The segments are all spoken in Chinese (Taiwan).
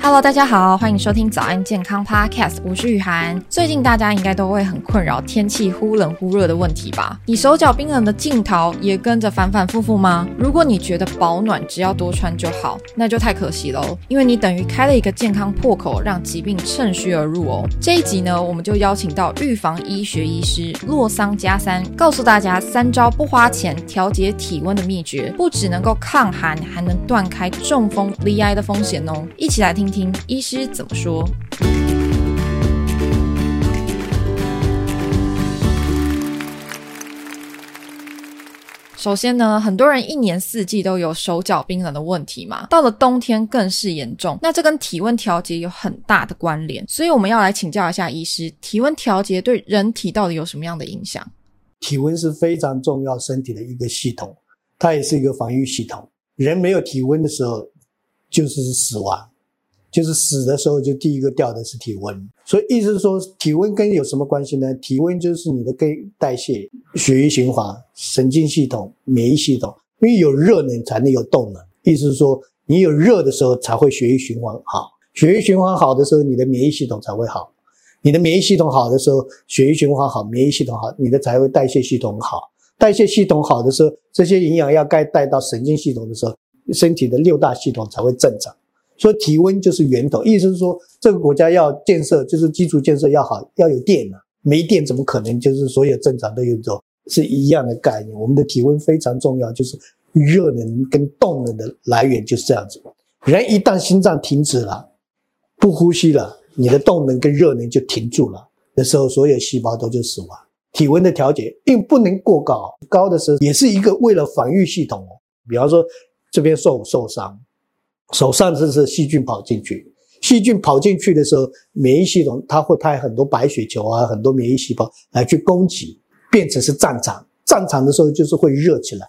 哈嘍，Hello, 大家好，歡迎收聽早安健康 Podcast，我是雨涵。最近大家應該都會很困擾天氣忽冷忽熱的問題吧？你手腳冰冷的鏡頭也跟着反反复覆嗎？如果你覺得保暖只要多穿就好，那就太可惜嘍，因為你等於開了一個健康破口，讓疾病趁虛而入哦。這一集呢，我們就邀請到預防醫學醫師洛桑加參，告訴大家三招不花錢調節體溫的秘訣，不只能夠抗寒，還能斷開中風、罹癌的風險哦。一起來聽。聽醫師怎麼說？首先呢，很多人一年四季都有手腳冰冷的問題嘛，到了冬天更是嚴重。那這跟體溫調節有很大的關聯，所以我們要來請教一下醫師：體溫調節對人體到底有什麼樣的影響？體溫是非常重要身體的一個系統，它也是一個防禦系統。人沒有體溫的時候，就是死亡。就是死的時候就第一個掉的是體溫，所以意思是說體溫跟有什麼關係呢？體溫就是你的跟代謝、血液循環、神經系統、免疫系統，因為有熱你才能有動能。意思是說你有熱的時候才會血液循環好，血液循環好的時候你的免疫系統才會好，你的免疫系統好的時候血液循環好，免疫系統好，你的才會代謝系統好，代謝系統好的時候，這些營養要該帶到神經系統的時候，身體的六大系統才會正常。說體溫就是源頭，意思是說這個國家要建設，就是基礎建設要好，要有電啊，沒電怎麼可能？就是所有正常都有走，是一樣的概念。我們的體溫非常重要，就是熱能跟動能的來源就是這樣子。人一旦心臟停止了，不呼吸了，你的動能跟熱能就停住了，那時候所有細胞都就死亡。體溫的調節並不能過高，高的時候也是一個為了防禦系統哦，比方說這邊受受傷。手上這是細菌，跑進去，細菌跑進去的時候，免疫系統它會派很多白血球啊，很多免疫細胞來去攻擊，變成是戰場。戰場的時候就是會熱起來，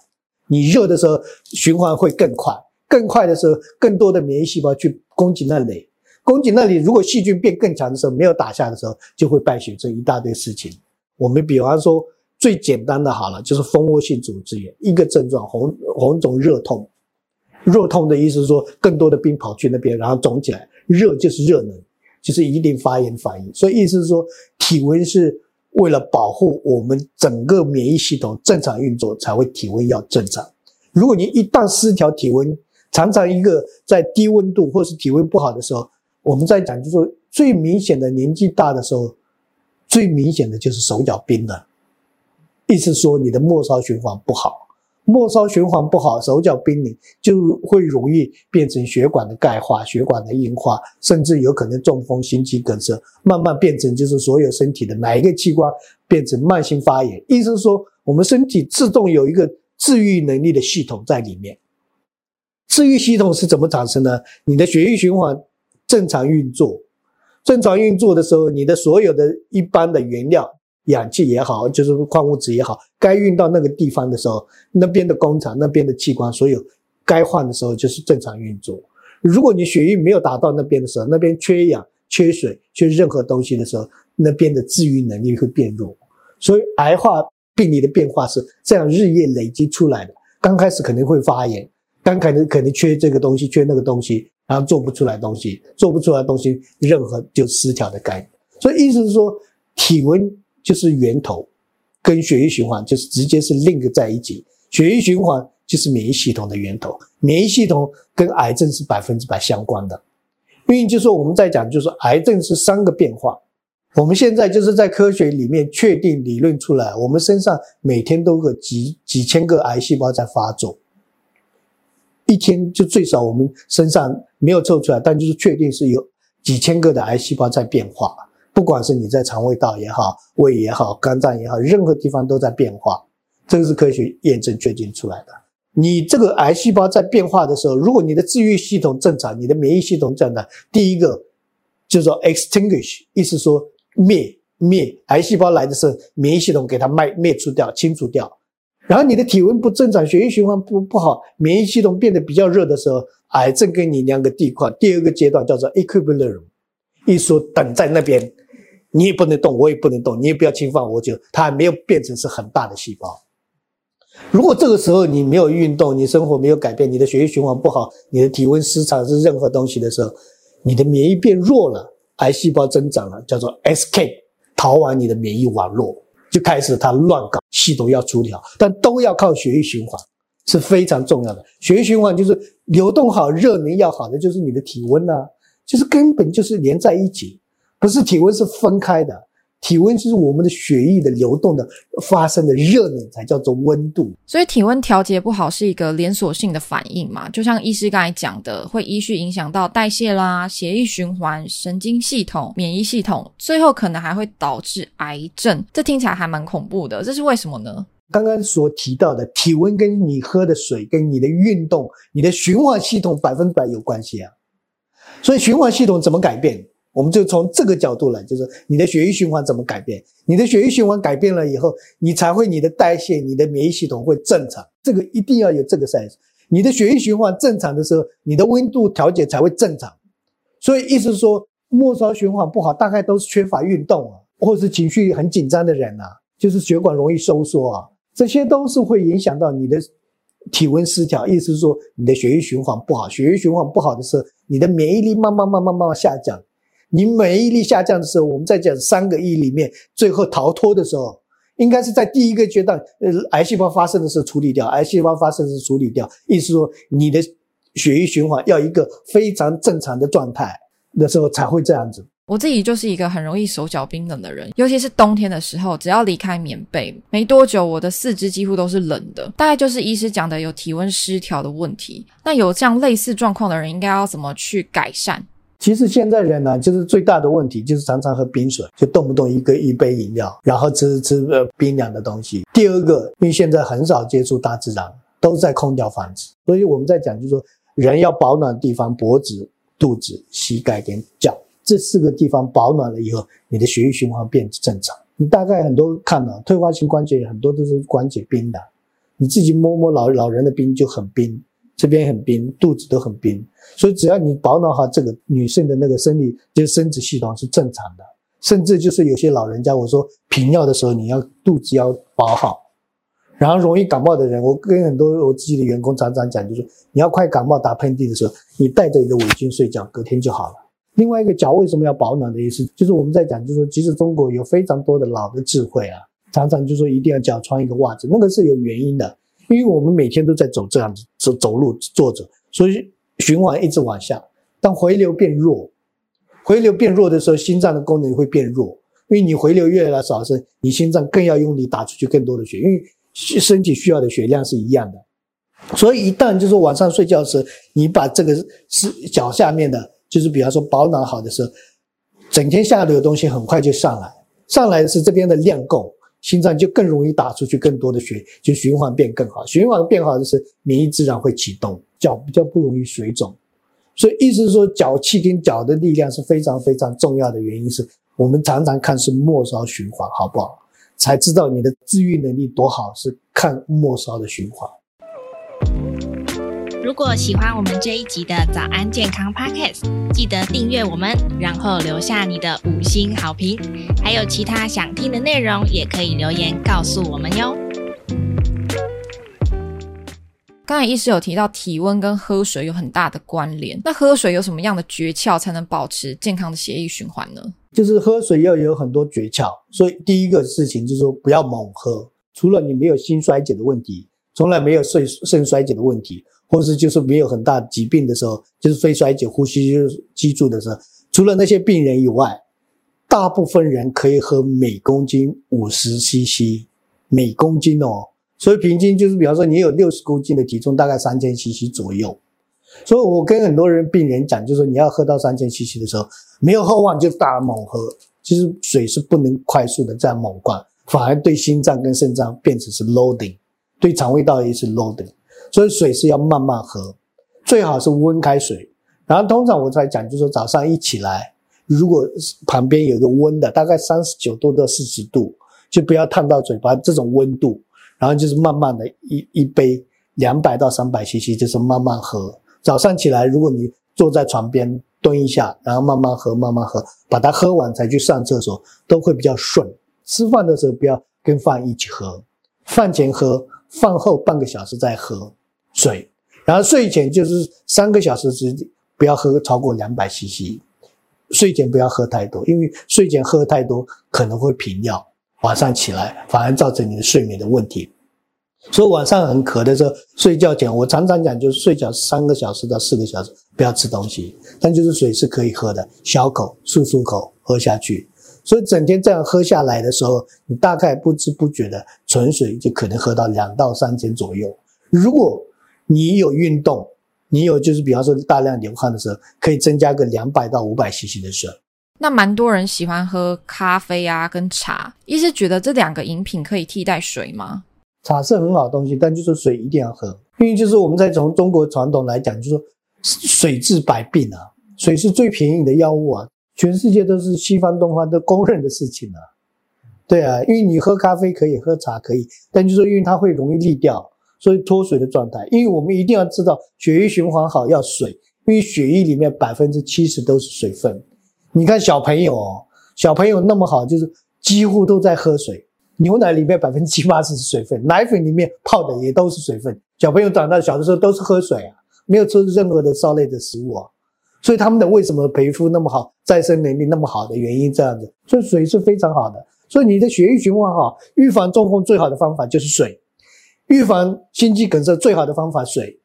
你熱的時候循環會更快，更快的時候更多的免疫細胞去攻擊那裡。攻擊那裡如果細菌變更強的時候，沒有打下的時候就會敗血症一大堆事情。我們比方說最簡單的好了，就是蜂窩性組織炎，一個症狀紅紅腫熱痛。熱痛的意思是說，更多的冰跑去那邊，然後腫起來。熱就是熱能，就是一定發炎反應。所以意思是說，體溫是為了保護我們整個免疫系統正常運作，才會體溫要正常。如果你一旦失調體溫，常常一個在低溫度或是體溫不好的時候，我們在講就是說最明顯的年紀大的時候，最明顯的就是手腳冰冷，意思說你的末梢循環不好。末梢循環不好，手腳冰冷，就會容易變成血管的鈣化、血管的硬化，甚至有可能中風、心肌梗塞，慢慢變成就是所有身體的哪一個器官變成慢性發炎。醫生說，我們身體自動有一個自癒能力的系統在裡面。自愈系統是怎麼產生呢？你的血液循環正常運作，正常運作的時候，你的所有的一般的原料。氧氣也好，就是礦物質也好，該運到那個地方的時候，那邊的工廠、那邊的器官，所有該換的時候就是正常運作。如果你血液沒有達到那邊的時候，那邊缺氧、缺水、缺任何東西的時候，那邊的自癒能力會變弱。所以癌化病理的變化是這樣日夜累積出來的。剛開始肯定會發炎，剛開始肯定缺這個東西、缺那個東西，然後做不出來東西，做不出來東西，任何就失調的概念。所以意思是說體溫。就是源頭，跟血液循環就是直接是 link 在一起。血液循環就是免疫系統的源頭，免疫系統跟癌症是百分之百相關的。因為就是我們在講，就是癌症是三個變化。我們現在就是在科學裡面確定理論出來，我們身上每天都有幾幾千個癌細胞在發作，一天就最少我們身上沒有測出來，但就是確定是有幾千個的癌細胞在變化。不管是你在腸胃道也好，胃也好，肝臟也好，任何地方都在變化，這個是科學驗證確定出來的。你這個癌細胞在變化的時候，如果你的自癒系統正常，你的免疫系統正常，第一個，叫做 extinguish，意思說滅滅癌細胞來的時候，免疫系統給它滅滅除掉、清除掉。然後你的體溫不正常，血液循環不不好，免疫系統變得比較熱的時候，癌症跟你兩個地塊。第二個階段叫做 equilibrium，意思說等在那邊。你也不能動，我也不能動，你也不要侵犯我。就它還沒有變成是很大的細胞。如果這個時候你沒有運動，你生活沒有改變，你的血液循環不好，你的體溫失常是任何東西的時候，你的免疫變弱了，癌細胞增長了，叫做 escape 逃亡，你的免疫網絡，就開始它亂搞。系統要處理好，但都要靠血液循環，是非常重要的。血液循環就是流動好，熱能要好的，就是你的體溫啊，就是根本就是連在一起。不是體溫是分開的，體溫就是我們的血液的流動的發生的熱能，才叫做溫度。所以體溫調節不好是一個連鎖性的反應嘛，就像醫師剛才講的，會依序影響到代謝啦、血液循環、神經系統、免疫系統，最後可能還會導致癌症。這聽起來還蠻恐怖的，這是為什麼呢？剛剛所提到的體溫跟你喝的水、跟你的運動、你的循環系統百分百有關係啊。所以循環系統怎麼改變？我們就從這個角度來，就是你的血液循環怎麼改變？你的血液循環改變了以後，你才會你的代謝、你的免疫系統會正常。這個一定要有這個 sense。你的血液循環正常的時候，你的溫度調節才會正常。所以，意思說，末梢循環不好，大概都是缺乏運動啊，或者是情緒很緊張的人啊，就是血管容易收縮啊，這些都是會影響到你的體溫失調。意思是說，你的血液循環不好，血液循環不好的時候，你的免疫力慢慢慢慢慢慢下降。你免疫力下降的時候，我們在講三個億裡面，最後逃脫的時候，應該是在第一個階段，呃，癌細胞發生的時候處理掉，癌細胞發生的時候處理掉，意思說你的血液循環要一個非常正常的狀態的時候才會這樣子。我自己就是一個很容易手腳冰冷的人，尤其是冬天的時候，只要離開棉被沒多久，我的四肢幾乎都是冷的，大概就是醫師講的有體溫失調的問題。那有這樣類似狀況的人，應該要怎麼去改善？其實現在人呢、啊，就是最大的問題就是常常喝冰水，就動不動一個一杯飲料，然後吃吃呃冰涼的東西。第二個，因為現在很少接觸大自然，都在空調房子，所以我們在講就是說，就說人要保暖的地方，脖子、肚子、膝蓋跟腳這四個地方保暖了以後，你的血液循環變得正常。你大概很多看到退化性關節炎很多都是關節冰的，你自己摸摸老老人的冰就很冰。這邊很冰，肚子都很冰，所以只要你保暖好，這個女性的那個生理就是、生殖系統是正常的，甚至就是有些老人家，我說平尿的時候你要肚子要保好，然後容易感冒的人，我跟很多我自己的員工常常講，就是你要快感冒打噴嚏的時候，你戴着一個圍巾睡覺，隔天就好了。另外一個腳為什麼要保暖的意思，就是我們在講，就是說其實中國有非常多的老的智慧啊，常常就說一定要腳穿一個襪子，那個是有原因的。因為我們每天都在走，這樣子走走路坐着，所以循環一直往下。當回流變弱，回流變弱的時候，心臟的功能會變弱。因為你回流越來越來越少時，你心臟更要用力打出去更多的血，因為身體需要的血量是一樣的。所以一旦就是晚上睡覺時，你把這個是腳下面的，就是比方說保暖好的時候，整天下流的東西很快就上來，上來是這邊的量夠。心臟就更容易打出去更多的血，就循環變更好。循環變好就是免疫自然會啟動，腳比較不容易水腫。所以意思是說，腳氣跟腳的力量是非常非常重要的原因，是我們常常看是末梢循環好不好，才知道你的自癒能力多好，是看末梢的循環。如果喜歡我們這一集的早安健康 Podcast，記得訂閱我們，然後留下你的五星好評。還有其他想聽的內容，也可以留言告訴我們喲。剛才醫師有提到體溫跟喝水有很大的關聯，那喝水有什麼樣的訣竅才能保持健康的血液循環呢？就是喝水要有很多訣竅，所以第一個事情就是說，不要猛喝，除了你沒有心衰竭的問題。從來沒有腎腎衰竭的問題，或者是就是沒有很大疾病的時候，就是肺衰竭、呼吸機住的時候，除了那些病人以外，大部分人可以喝每公斤五十 CC 每公斤哦。所以平均就是，比方說你有六十公斤的體重，大概三千 CC 左右。所以我跟很多人病人講，就是你要喝到三千 CC 的時候，沒有喝完就大猛喝，其實、就是、水是不能快速的這樣猛灌，反而對心臟跟腎臟變成是 loading。對腸胃道也是 low 的，所以水是要慢慢喝，最好是溫開水。然後通常我在講，就是早上一起來，如果旁邊有一個溫的，大概三十九度到四十度，就不要燙到嘴巴這種溫度。然後就是慢慢的一一杯兩百到三百 cc，就是慢慢喝。早上起來，如果你坐在床邊蹲一下，然後慢慢喝，慢慢喝，把它喝完才去上廁所，都會比較順。吃飯的時候不要跟飯一起喝，飯前喝。飯後半個小時再喝水，然後睡前就是三個小時之內不要喝超過兩百 cc，睡前不要喝太多，因為睡前喝太多可能會頻尿，晚上起來反而造成你的睡眠的問題。所以晚上很渴的時候，睡覺前我常常講，就是睡覺三個小時到四個小時不要吃東西，但就是水是可以喝的，小口漱漱口喝下去。所以整天這樣喝下來的時候，你大概不知不覺的純水就可能喝到兩到三千左右。如果你有運動，你有就是比方說大量流汗的時候，可以增加個兩百到五百 cc 的水。那蠻多人喜歡喝咖啡啊，跟茶，一是覺得這兩個飲品可以替代水嗎？茶是很好的東西，但就是水一定要喝，因為就是我們在從中國傳統來講，就是水治百病啊，水是最便宜的藥物啊。全世界都是西方、東方都公認的事情啊。對啊，因為你喝咖啡可以，喝茶可以，但就是說因為它會容易瀝掉，所以脫水的狀態。因為我們一定要知道血液循環好要水，因為血液裡面百分之七十都是水分。你看小朋友，哦，小朋友那麼好，就是幾乎都在喝水。牛奶裡面百分之七八十是水分，奶粉裡面泡的也都是水分。小朋友長大小的時候都是喝水啊，沒有吃任何的燒類的食物啊。所以他們的為什麼皮膚那麼好，再生能力那麼好的原因這樣子，所以水是非常好的。所以你的血液循環好，預防中風最好的方法就是水，預防心肌梗塞最好的方法水。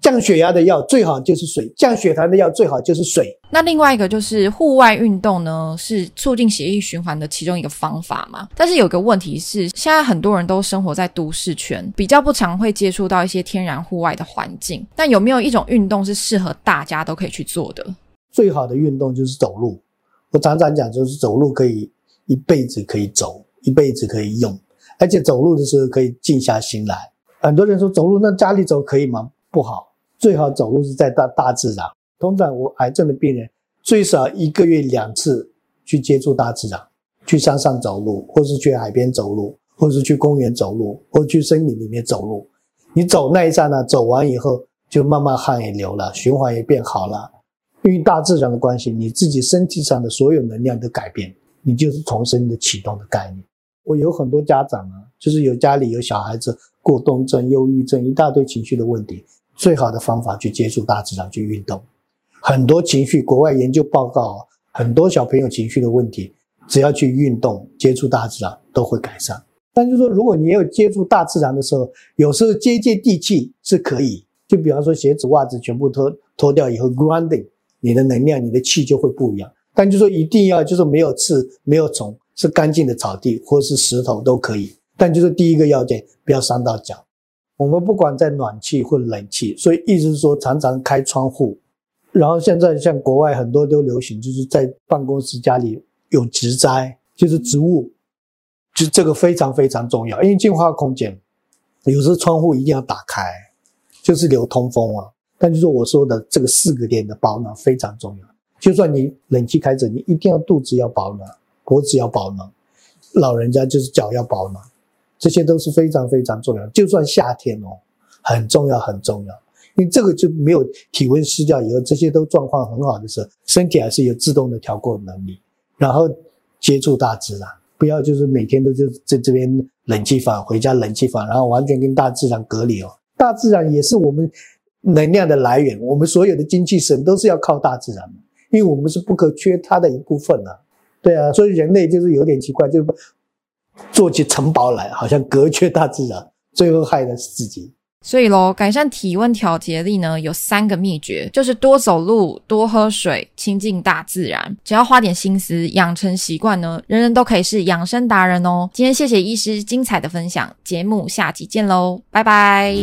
降血壓的藥最好就是水，降血糖的藥最好就是水。那另外一個就是戶外運動呢，是促進血液循環的其中一個方法嘛。但是有個問題是，現在很多人都生活在都市圈，比較不常會接觸到一些天然戶外的環境。但有沒有一種運動是適合大家都可以去做的？最好的運動就是走路。我常常講，就是走路可以一輩子可以走，一輩子可以用，而且走路的時候可以靜下心來。很多人說走路，那家裡走可以嗎？不好。最好走路是在大大自然。通常我癌症的病人最少一個月兩次去接觸大自然，去山上走路，或是去海邊走路，或是去公園走路，或去森林裡面走路。你走那一站呢、啊？走完以後就慢慢汗也流了，循環也變好了。因為大自然的關係，你自己身體上的所有能量的改變，你就是重生的啟動的概念。我有很多家長啊，就是有家裡有小孩子過動症、憂鬱症一大堆情緒的問題。最好的方法去接觸大自然，去運動，很多情緒。國外研究報告，很多小朋友情緒的問題，只要去運動、接觸大自然，都會改善。但就是說，如果你要接觸大自然的時候，有時候接接地氣是可以。就比方說，鞋子、襪子、襪子全部脫脫掉以後 grounding，你的能量、你的氣就會不一樣。但就是說，一定要就是沒有刺、沒有蟲，是乾淨的草地或是石頭都可以。但就是第一個要件，不要傷到腳。我們不管在暖氣或者冷氣，所以意思是說常常開窗戶，然後現在像國外很多都流行，就是在辦公室家裡有植栽，就是植物，就這個非常非常重要，因為淨化空間，有時候窗戶一定要打開，就是流通風啊。但就是我說的這個四個點的保暖非常重要，就算你冷氣開着，你一定要肚子要保暖，脖子要保暖，老人家就是腳要保暖。這些都是非常非常重要，就算夏天哦，很重要很重要，因為這個就沒有體溫失掉以後，這些都狀況很好的時候，身體還是有自動的調控能力。然後接觸大自然，不要就是每天都就在這邊冷氣房回家冷氣房，然後完全跟大自然隔離哦。大自然也是我們能量的來源，我們所有的精氣神都是要靠大自然的，因為我們是不可缺它的一部分啊。對啊，所以人類就是有點奇怪，就是。做起城堡來，好像隔絕大自然，最後害的是自己。所以嘍，改善體溫調節力呢，有三個秘訣，就是多走路、多喝水、親近大自然。只要花點心思，養成習慣呢，人人都可以是養生達人哦。今天謝謝醫師精彩的分享，節目下期見嘍，拜拜。